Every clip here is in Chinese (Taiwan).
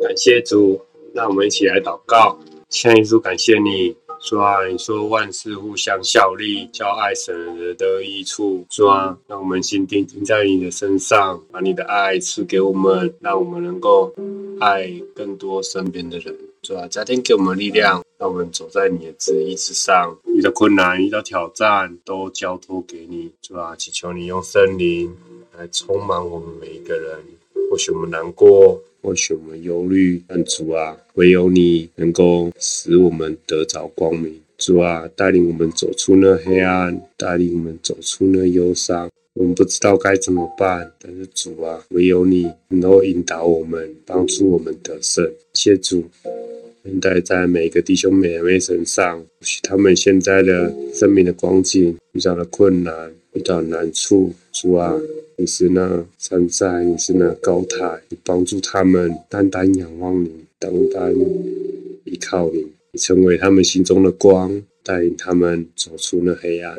感謝主，讓我們一起來禱告。親愛的主，感謝你，主啊，你說萬事互相效力，叫愛神的益處。主啊，讓我們心定定在你的身上，把你的愛賜給我們，讓我們能夠愛更多身邊的人。主啊，家庭給我們的力量，讓我們走在你的旨意之上。遇到困難，遇到挑戰，都交托給你。主啊，祈求你用聖靈來充滿我們每一個人。或許我們難過。或許我們憂慮，但主啊，唯有你能夠使我們得着光明。主啊，帶領我們走出那黑暗，帶領我們走出那憂傷。我們不知道該怎麼辦，但是主啊，唯有你能夠引導我們，幫助我們得勝。謝主，恩待在，在每個弟兄姐妹，妹身上，或許他們現在的生命的光景遇到了困難，遇到難處。主啊。同是呢，站在你是那高臺，幫助他們單單仰望你，單單依靠你，成為他們心中的光，帶領他們走出那黑暗，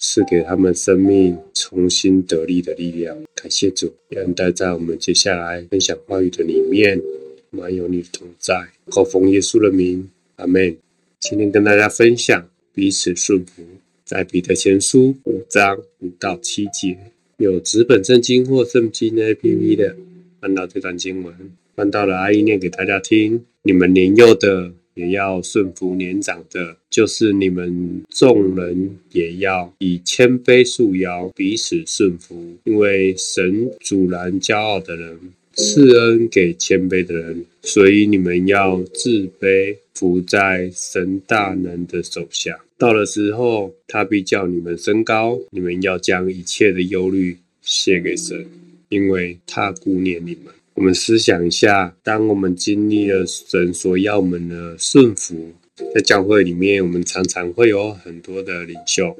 賜給他們生命重新得力的力量。感謝主，願待在我們接下來分享話語的裡面，滿有你的同在，高奉耶穌的名，阿門。今天跟大家分享彼此順服，在彼得前書五章五到七節。有紙本聖經或聖經 A P P 的，翻到這段經文，翻到了，阿姨念給大家聽。你們年幼的也要順服年長的，就是你們眾人也要以謙卑束腰，彼此順服，因為神阻攔驕傲的人，賜恩給謙卑的人。所以你們要自卑，伏在神大能的手下。到了時候，他必叫你們升高。你們要將一切的憂慮卸給神，因為他顧念你們。我們思想一下，當我們經歷了神所要我們的順服，在教會裡面，我們常常會有很多的領袖，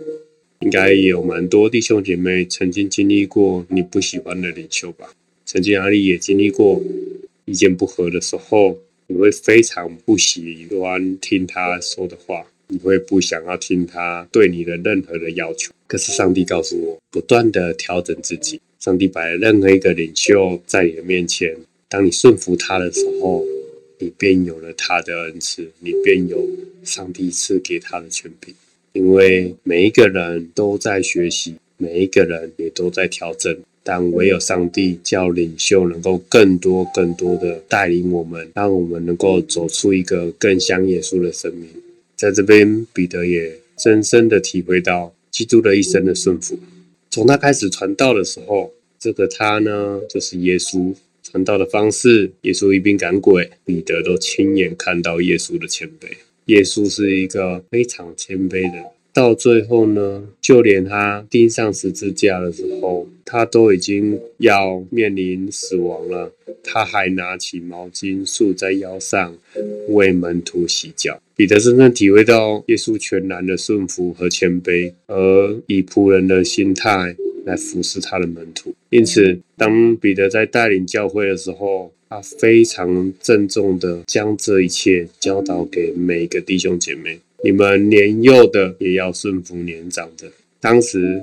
應該也有蠻多弟兄姐妹曾經經歷過你不喜歡的領袖吧？曾經阿利也經歷過。意見不合的時候，你會非常不喜歡聽他說的話，你會不想要聽他對你的任何的要求。可是上帝告訴我，不斷地調整自己。上帝把任何一個領袖在你的面前，當你順服他的時候，你便有了他的恩賜，你便有上帝賜給他的權柄。因為每一個人都在學習，每一個人也都在調整。但唯有上帝叫領袖能夠更多、更多的帶領我們，讓我們能夠走出一個更像耶穌的生命。在這邊，彼得也深深的體會到基督的一生的順服。從他開始傳道的時候，這個他呢，就是耶穌傳道的方式。耶穌醫病趕鬼，彼得都親眼看到耶穌的謙卑。耶穌是一個非常謙卑的人。到最後呢，就連他釘上十字架的時候，他都已經要面臨死亡了，他還拿起毛巾束在腰上，為門徒洗腳。彼得深深體會到耶穌全然的順服和謙卑，而以僕人的心態來服侍他的門徒。因此，當彼得在帶領教會的時候，他非常鄭重地將這一切教導給每個弟兄姐妹。你們年幼的也要順服年長的。當時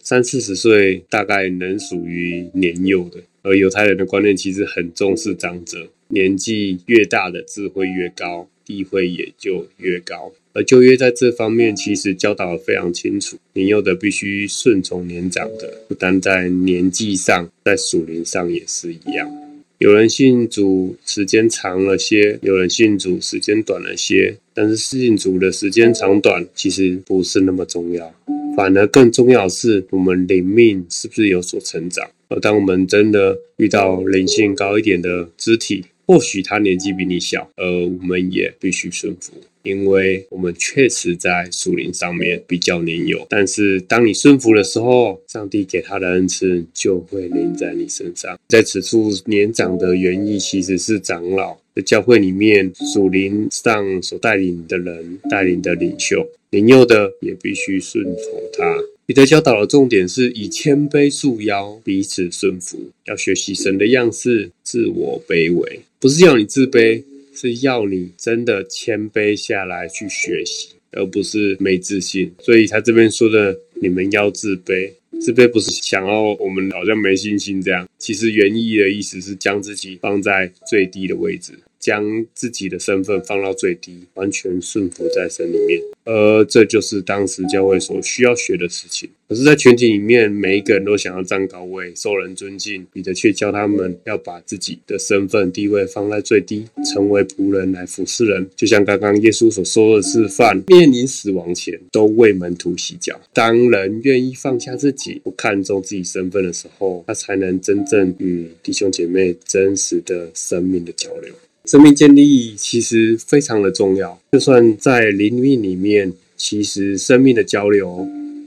三四十歲大概能屬於年幼的，而猶太人的觀念其實很重視長者，年紀越大的智慧越高，地位也就越高。而舊約在這方面其實教導得非常清楚，年幼的必須順從年長的，不單在年紀上，在屬靈上也是一樣。有人信主時間長了些，有人信主時間短了些，但是信主的時間長短其實不是那麼重要，反而更重要是我們靈命是不是有所成長。而當我們真的遇到靈性高一點的肢體，或許他年紀比你小，而、呃、我們也必須順服，因為我們確實在屬靈上面比較年幼。但是當你順服的時候，上帝給他的恩賜就會臨在你身上。在此處年長的原意其實是長老，在教會裡面屬靈上所帶領的人帶領的領袖，年幼的也必須順服他。彼得教導的重點是以謙卑束腰，彼此順服。要學習神的樣式，自我卑微，不是要你自卑，是要你真的謙卑下來去學習，而不是沒自信。所以他這邊說的，你們要自卑。自卑不是想要我們好像沒信心這樣？其實原意的意思是將自己放在最低的位置，將自己的身份放到最低，完全順服在神裡面，而、呃、這就是當時教會所需要學的事情。可是，在群體裡面，每一個人都想要站高位，受人尊敬，彼得卻教他們要把自己的身份地位放在最低，成為僕人來服侍人。就像剛剛耶穌所說的示範，面臨死亡前都為門徒洗腳。當人願意放下自己，不看重自己身份的時候，他才能真正與弟兄姐妹真實的生命的交流。生命建立其實非常的重要，就算在靈命裡面，其實生命的交流。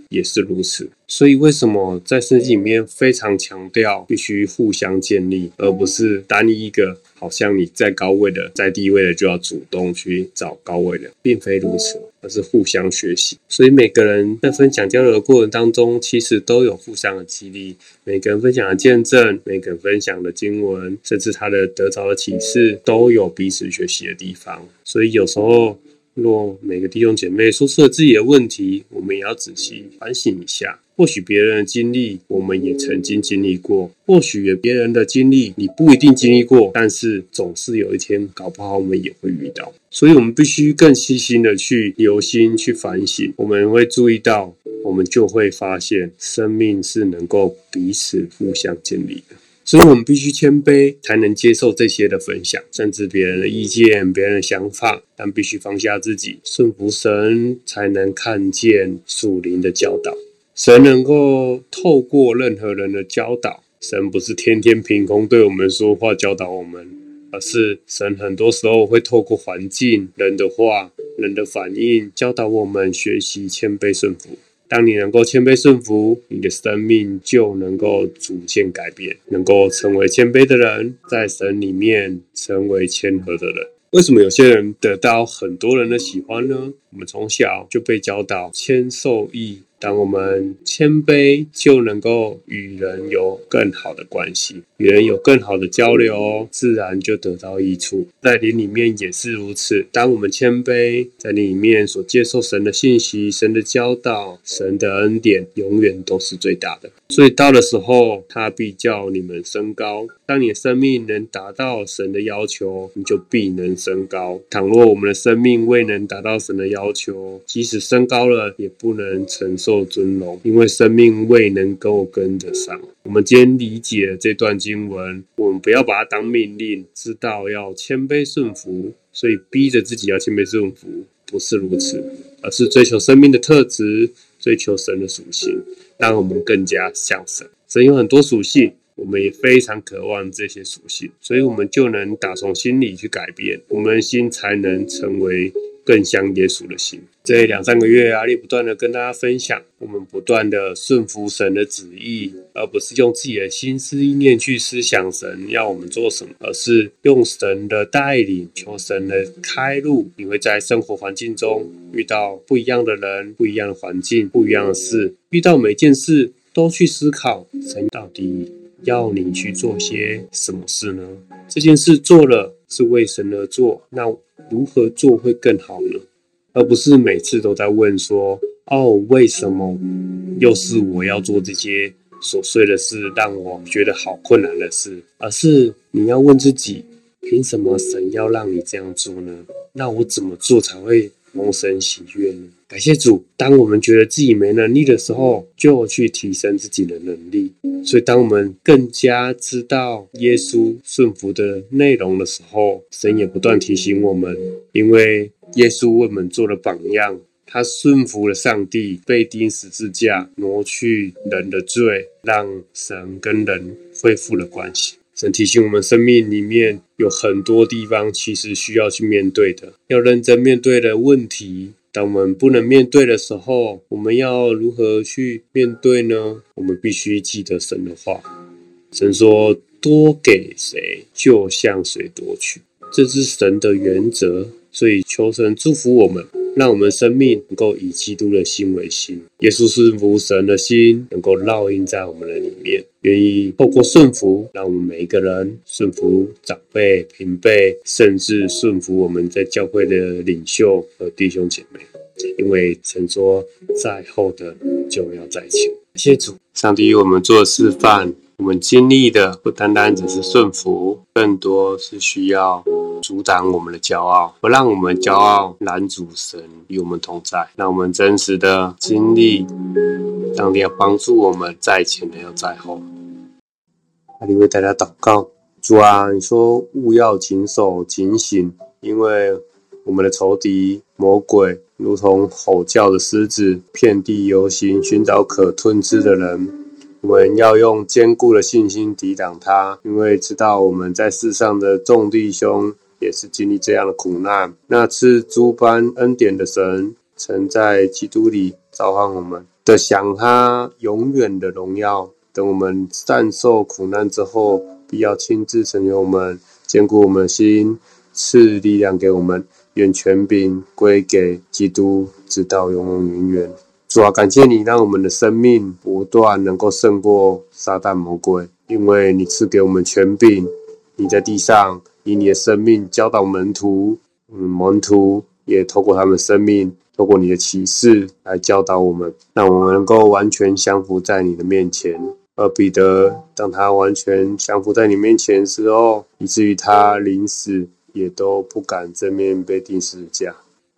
也是如此，所以為什麼在聖經裡面非常強調必須互相建立，而不是單一一個，好像你在高位的，在低位的就要主動去找高位的，並非如此，而是互相學習。所以每個人在分享交流的過程當中，其實都有互相的激勵。每個人分享的見證，每個人分享的經文，甚至他的得着的啟示，都有彼此學習的地方。所以有時候。若每個弟兄姐妹說出了自己的問題，我們也要仔細反省一下。或許別人的經歷，我們也曾經經歷過；或許別人的經歷，你不一定經歷過，但是總是有一天，搞不好我們也會遇到。所以，我們必須更細心的去留心、去反省。我們會注意到，我們就會發現，生命是能夠彼此互相建立的。所以我們必須謙卑，才能接受這些的分享，甚至別人的意見、別人的想法，但必須放下自己，順服神，才能看見屬靈的教導。神能夠透過任何人的教導，神不是天天憑空對我們說話教導我們，而是神很多時候會透過環境、人的話、人的反應教導我們，學習謙卑順服。當你能夠謙卑順服，你的生命就能夠逐漸改變，能夠成為謙卑的人，在神裡面成為謙和的人。為什麼有些人得到很多人的喜歡呢？我們從小就被教導謙受益。當我們謙卑，就能夠與人有更好的關係，與人有更好的交流，自然就得到益處。在靈裡面也是如此。當我們謙卑，在靈裡面所接受神的信息、神的教導、神的恩典，永遠都是最大的。所以到的時候，他必叫你們升高。當你的生命能達到神的要求，你就必能升高。倘若我們的生命未能達到神的要求，即使升高了，也不能承受尊榮，因為生命未能夠跟，跟得上。我們今天理解這段經文，我們不要把它當命令，知道要謙卑順服，所以逼着自己要謙卑順服，不是如此，而是追求生命的特質，追求神的屬性，讓我們更加像神。神有很多屬性。我們也非常渴望這些屬性，所以我們就能打從心裡去改變，我們的心才能成為更像耶穌的心。這兩三個月，阿力不斷地跟大家分享，我們不斷地順服神的旨意，而不是用自己的心思意念去思想神要我們做什麼，而是用神的帶領，求神的開路。你會在生活環境中遇到不一樣的人，不一樣的環境，不一樣的事，遇到每件事都去思考神到底，要你去做些什麼事呢？這件事做了是為神而做，那如何做會更好呢？而不是每次都在問說：“哦，為什麼又是我要做這些瑣碎的事，讓我覺得好困難的事？”而是你要問自己：憑什麼神要讓你這樣做呢？那我怎麼做才會蒙神喜悅呢？感謝主，當我們覺得自己沒能力的時候，就去提升自己的能力。所以，當我們更加知道耶穌順服的內容的時候，神也不斷提醒我們，因為耶穌為我們做了榜樣，他順服了上帝，被釘十字架，挪去人的罪，讓神跟人恢復了關係。神提醒我們，生命裡面有很多地方其實需要去面對的，要認真面對的問題。當我們不能面對的時候，我們要如何去面對呢？我們必須記得神的話，神說多給誰，就向誰多取，這是神的原則。所以求神祝福我們。讓我們生命能夠以基督的心為心，耶穌是父神的心能夠烙印在我們的裡面，願意透過順服，讓我們每一個人順服長輩、平輩，甚至順服我們在教會的領袖和弟兄姐妹，因為曾說在後的就要在前。謝謝主，上帝為我們做的示範，我們經歷的不單單只是順服，更多是需要。阻擋我們的驕傲，不讓我們驕傲。男主神與我們同在，讓我們真實的經歷。當你要幫助我們在前，也要在後。阿裡為大家禱告，主啊，你說務要謹守警醒」，因為我們的仇敵魔鬼如同吼叫的獅子，遍地遊行，尋找可吞吃的人。我們要用堅固的信心抵擋他，因為知道我們在世上的眾弟兄。也是經歷這樣的苦難，那賜諸般恩典的神，曾在基督裡召喚我們，的享他永遠的榮耀。等我們善受苦難之後，必要親自成為我們，堅固我們的心，賜力量給我們。願權柄歸，歸給基督，直到永永遠遠。主啊，感謝你讓我們的生命不斷能夠勝過撒旦魔鬼，因為你賜給我們權柄，你在地上。以你的生命教導門徒，嗯，門徒也透過他們的生命，透過你的啟示來教導我們，讓我們能夠完全降服在你的面前。而彼得，當他完全降服在你面前的時候，以至於他臨死也都不敢正面被釘十字架。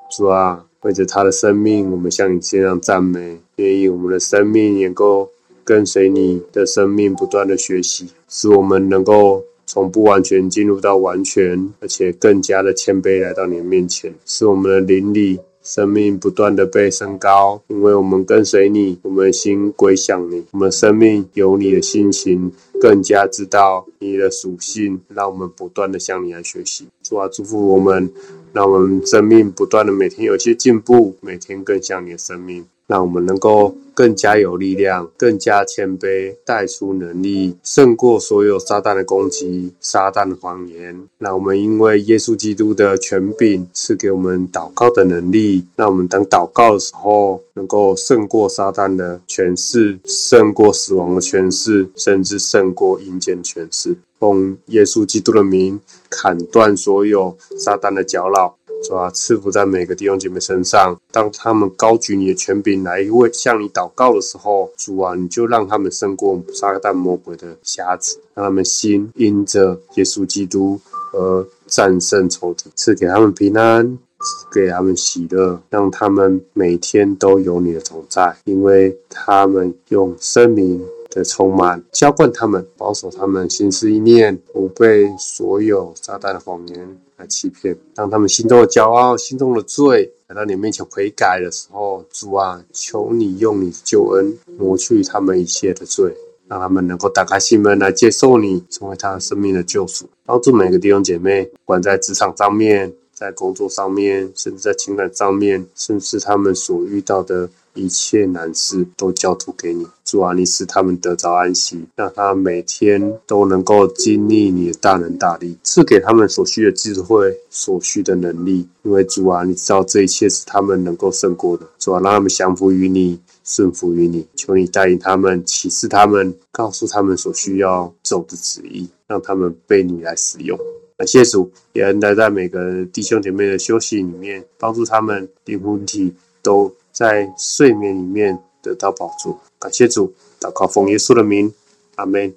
主啊，為着他的生命，我們向你這樣讚美，願以我們的生命也能夠跟隨你的生命，不斷的學習，使我們能夠。從不完全進入到完全，而且更加的謙卑來到你的面前，使我們的靈力、生命不斷的被升高。因為我們跟隨你，我們的心歸向你，我們生命有你的心情，更加知道你的屬性，讓我們不斷的向你來學習。主啊，祝福我們，讓我們生命不斷的每天有些進步，每天更像你的生命。讓我們能夠更加有力量，更加謙卑，帶出能力勝過所有撒旦的攻擊、撒旦的謊言。讓我們因為耶穌基督的權柄，賜給我們禱告的能力。讓我們當禱告的時候，能夠勝過撒旦的權勢，勝過死亡的權勢，甚至勝過陰間的權勢，用耶穌基督的名砍斷所有撒旦的腳鐐。主啊，賜福在每個弟兄姐妹身上。當他們高舉你的權柄來為向你禱告的時候，主啊，你就讓他們勝過撒旦魔鬼的轄制，讓他們心因着耶穌基督而戰勝仇敵，賜給他們平安，賜給他們喜樂，讓他們每天都有你的存在。因為他們用生命的充滿澆灌他們，保守他們心思意念不被所有撒旦的謊言。來欺騙，當他們心中的驕傲、心中的罪來到你面前悔改的時候，主啊，求你用你的救恩抹去他們一切的罪，讓他們能夠打開心門來接受你，成為他的生命的救贖，幫助每個弟兄姐妹，不管在職場上面、在工作上面，甚至在情感上面，甚至他們所遇到的。一切難事都交託給你，主啊，你使他們得著安息，讓他每天都能夠經歷你的大能大力，賜給他們所需的智慧、所需的能力，因為主啊，你知道這一切是他們能夠勝過的，主啊，讓他們降服於你，順服於你，求你答應他們，啟示他們，告訴他們所需要走的旨意，讓他們被你來使用。感謝，謝主，也恩待在每個弟兄姐妹的休息裡面，幫助他們靈魂體都。在睡眠裡面得到保住，感謝主，禱告奉耶穌的名，阿門。